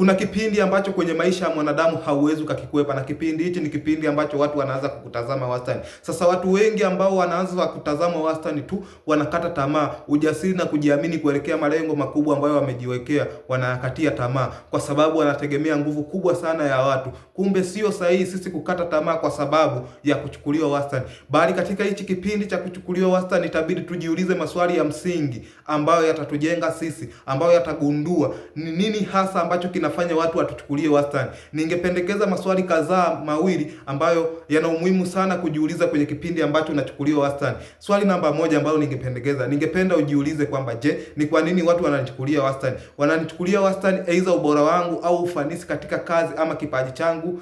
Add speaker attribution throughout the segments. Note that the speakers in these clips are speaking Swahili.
Speaker 1: Kuna kipindi ambacho kwenye maisha ya mwanadamu hauwezi ukakikwepa, na kipindi hichi ni kipindi ambacho watu wanaanza kukutazama wastani. Sasa watu wengi ambao wanaanza kutazama wastani tu wanakata tamaa, ujasiri na kujiamini kuelekea malengo makubwa ambayo wamejiwekea wanakatia tamaa, kwa sababu wanategemea nguvu kubwa sana ya watu. Kumbe sio sahihi sisi kukata tamaa kwa sababu ya kuchukuliwa wastani, bali katika hichi kipindi cha kuchukuliwa wastani itabidi tujiulize maswali ya msingi ambayo yatatujenga sisi, ambayo yatagundua ni nini hasa ambacho kina inafanya watu watuchukulie wastani. Ningependekeza maswali kadhaa mawili ambayo yana umuhimu sana kujiuliza kwenye kipindi ambacho unachukuliwa wastani. Swali namba moja ambalo ningependekeza, ningependa ujiulize kwamba je, ni kwa nini watu wananichukulia wastani? Wananichukulia wastani aidha ubora wangu au ufanisi katika kazi ama kipaji changu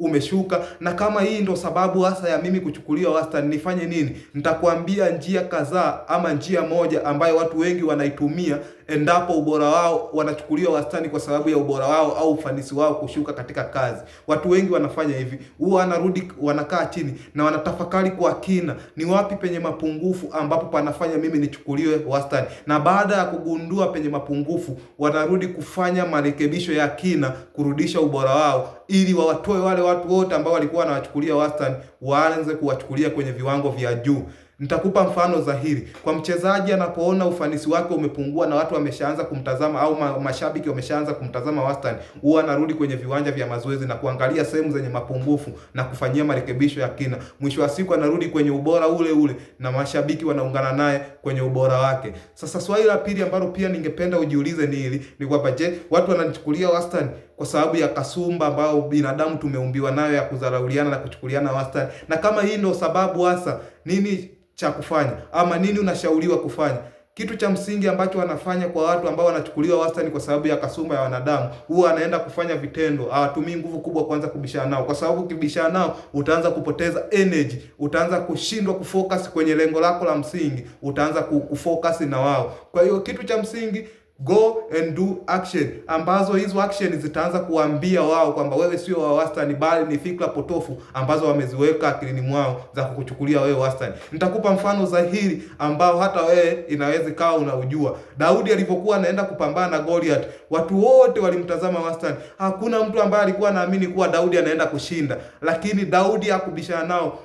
Speaker 1: umeshuka. Na kama hii ndo sababu hasa ya mimi kuchukuliwa wastani, nifanye nini? Nitakwambia njia kadhaa ama njia moja ambayo watu wengi wanaitumia endapo ubora wao wanachukuliwa wastani kwa sababu ya ubora wao au ufanisi wao kushuka katika kazi. Watu wengi wanafanya hivi, huwa wanarudi, wanakaa chini na wanatafakari kwa kina, ni wapi penye mapungufu ambapo panafanya mimi nichukuliwe wastani, na baada ya kugundua penye mapungufu wanarudi kufanya marekebisho ya kina kurudisha ubora wao ili wawatoe wale watu wote ambao walikuwa wanawachukulia wastani, waanze kuwachukulia kwenye viwango vya juu. Nitakupa mfano dhahiri. Kwa mchezaji anapoona ufanisi wake umepungua na watu wameshaanza kumtazama au ma mashabiki wameshaanza kumtazama wastani, huwa anarudi kwenye viwanja vya mazoezi na kuangalia sehemu zenye mapungufu na kufanyia marekebisho ya kina. Mwisho wa siku anarudi kwenye ubora ule ule na mashabiki wanaungana naye kwenye ubora wake. Sasa swali la pili ambalo pia ningependa ujiulize ni hili, ni kwamba je, watu wananichukulia wastani kwa sababu ya kasumba ambayo binadamu tumeumbiwa nayo ya kudharauliana na kuchukuliana wastani? Na kama hii ndio sababu hasa nini cha kufanya ama nini unashauriwa kufanya. Kitu cha msingi ambacho wanafanya kwa watu ambao wanachukuliwa wastani kwa sababu ya kasumba ya wanadamu, huwa anaenda kufanya vitendo, hawatumii nguvu kubwa kuanza kubishana nao, kwa sababu ukibishana nao utaanza kupoteza energy, utaanza kushindwa kufocus kwenye lengo lako la msingi, utaanza kufocus na wao. Kwa hiyo kitu cha msingi go and do action, ambazo hizo action zitaanza kuambia wao kwamba wewe sio wa wastani, bali ni fikra potofu ambazo wameziweka akilini mwao za kukuchukulia wewe wastani. Nitakupa mfano dhahiri ambao hata wewe inaweza kawa unaujua. Daudi alipokuwa anaenda kupambana na Goliath, watu wote walimtazama wastani. Hakuna mtu ambaye alikuwa anaamini kuwa Daudi anaenda kushinda, lakini Daudi hakubishana nao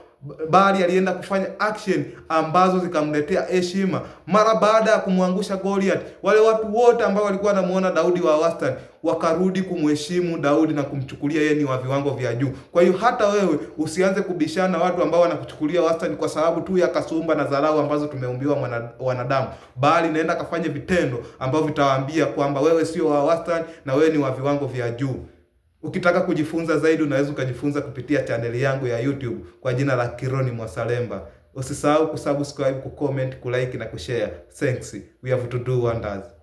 Speaker 1: bali alienda kufanya action ambazo zikamletea heshima. Mara baada ya kumwangusha Goliath, wale watu wote ambao walikuwa wanamuona Daudi wa wastani wakarudi kumheshimu Daudi na kumchukulia yeye ni wa viwango vya juu. Kwa hiyo hata wewe usianze kubishana watu ambao wanakuchukulia wastani kwa sababu tu ya kasumba na dharau ambazo tumeumbiwa wanadamu, bali naenda kafanye vitendo ambavyo vitawaambia kwamba wewe sio wa wastani na wewe ni wa viwango vya juu. Ukitaka kujifunza zaidi, unaweza ukajifunza kupitia chaneli yangu ya YouTube kwa jina la Kironi Mwasalemba. Usisahau kusubscribe, kucomment, kulike na kushare. Thanks. We have to do wonders.